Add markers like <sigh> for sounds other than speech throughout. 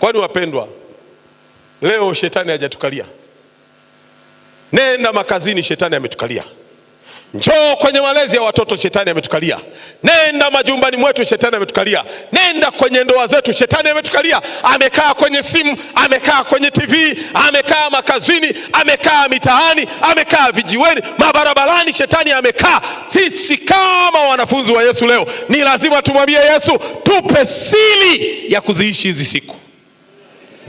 Kwani wapendwa, leo shetani hajatukalia. Nenda makazini, shetani ametukalia. Njoo kwenye malezi ya watoto, shetani ametukalia. Nenda majumbani mwetu, shetani ametukalia. Nenda kwenye ndoa zetu, shetani ametukalia. Amekaa kwenye simu, amekaa kwenye TV, amekaa makazini, amekaa mitaani, amekaa vijiweni, mabarabarani, shetani amekaa. Sisi kama wanafunzi wa Yesu leo ni lazima tumwambie Yesu, tupe siri ya kuziishi hizi siku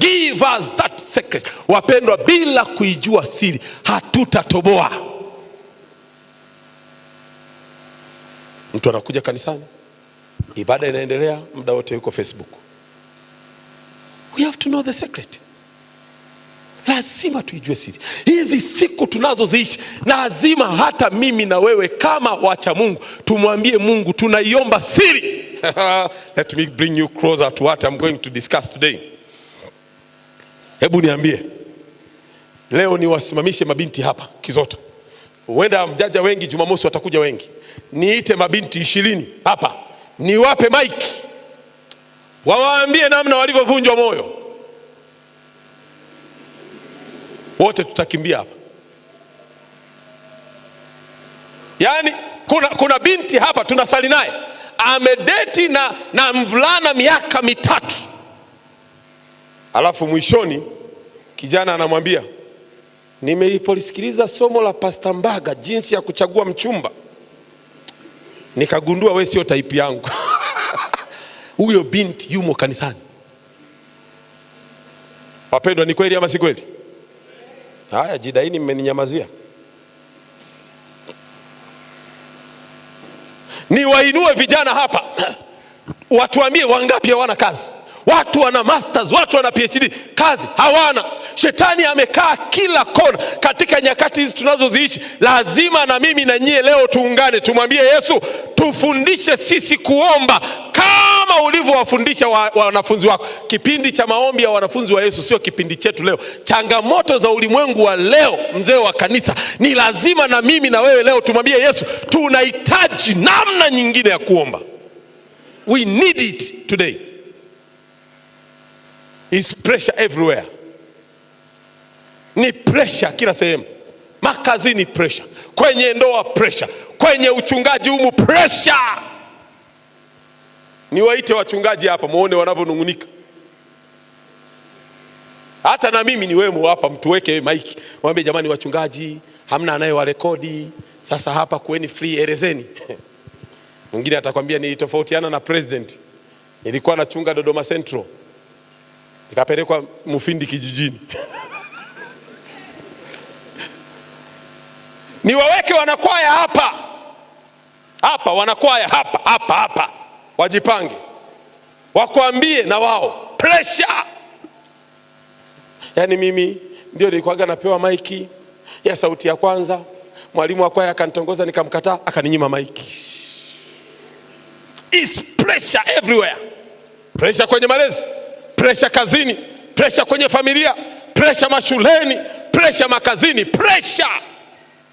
give us that secret. Wapendwa, bila kuijua siri hatutatoboa. Mtu anakuja kanisani, ibada inaendelea, muda wote yuko Facebook. We have to know the secret. Lazima tuijue siri hizi. Siku tunazoziishi lazima hata mimi na wewe kama wacha Mungu tumwambie Mungu tunaiomba siri. <laughs> Let me bring you closer to what I'm going to discuss today. Hebu niambie leo niwasimamishe mabinti hapa Kizota, huenda mjaja wengi, Jumamosi watakuja wengi. Niite mabinti ishirini hapa niwape mike wawaambie namna walivyovunjwa moyo, wote tutakimbia hapa. Yaani kuna, kuna binti hapa tunasali naye amedeti na, na mvulana miaka mitatu Alafu mwishoni kijana anamwambia, nimeipolisikiliza somo la Pasta Mbaga jinsi ya kuchagua mchumba, nikagundua we sio taipi yangu <laughs> huyo binti yumo kanisani. Wapendwa, ni kweli ama si kweli? Haya, jidaini, mmeninyamazia. Niwainue vijana hapa <clears throat> watuambie, wangapi hawana kazi? watu wana masters, watu wana PhD, kazi hawana. Shetani amekaa kila kona. Katika nyakati hizi tunazoziishi, lazima na mimi na nyie leo tuungane, tumwambie Yesu, tufundishe sisi kuomba kama ulivyowafundisha wa, wanafunzi wako. Kipindi cha maombi ya wanafunzi wa Yesu sio kipindi chetu leo. Changamoto za ulimwengu wa leo, mzee wa kanisa, ni lazima na mimi na wewe leo tumwambie Yesu, tunahitaji namna nyingine ya kuomba. We need it today is pressure everywhere, ni pressure kila sehemu, makazini pressure, kwenye ndoa pressure, kwenye uchungaji humu pressure. Niwaite wachungaji hapa muone wanavyonung'unika. Hata na mimi ni wemo hapa, mtuweke maiki, mwambie jamani, wachungaji hamna anayewarekodi sasa hapa, kueni free, elezeni <laughs> mwingine atakwambia nilitofautiana na president, nilikuwa nachunga Dodoma Central nikapelekwa Mufindi kijijini <laughs> niwaweke wanakwaya hapa hapa, wanakwaya hapa hapa hapa, wajipange wakwambie na wao pressure. Yaani mimi ndio nilikuwaga napewa maiki ya sauti ya kwanza, mwalimu wa kwaya akanitongoza, nikamkataa, akaninyima maiki. It's pressure everywhere, pressure kwenye malezi presha kazini, presha kwenye familia, presha mashuleni, presha makazini, presha.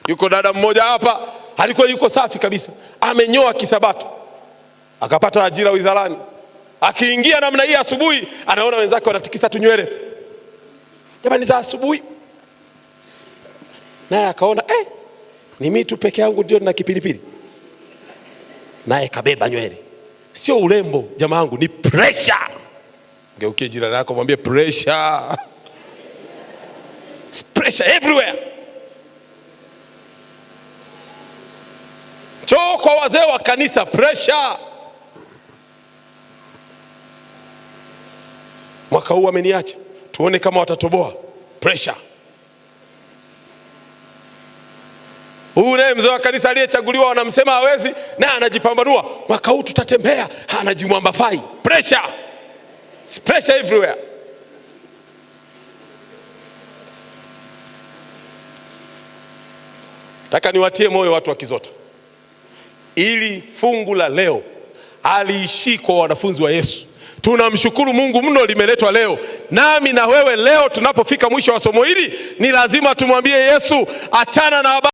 Yuko dada mmoja hapa alikuwa yuko safi kabisa, amenyoa kisabato, akapata ajira wizarani. Akiingia namna hii asubuhi, anaona wenzake wanatikisa tu nywele, jamani, za asubuhi. Naye akaona eh, ni mitu tu peke yangu ndio nina kipilipili, naye kabeba nywele. Sio urembo, jamaa yangu, ni pressure. Geukie jirani yako mwambie pressure. It's pressure everywhere. Choo kwa wazee wa kanisa pressure. Mwaka huu ameniacha, tuone kama watatoboa pressure. Huu naye mzee wa kanisa aliyechaguliwa wanamsema hawezi, naye anajipambanua, mwaka huu tutatembea, anajimwamba fai pressure. It's pressure everywhere. Nataka niwatie moyo watu wa Kizota, ili fungu la leo aliishi kwa wanafunzi wa Yesu. Tunamshukuru Mungu mno, limeletwa leo. Nami na wewe leo tunapofika mwisho wa somo hili, ni lazima tumwambie Yesu, achana na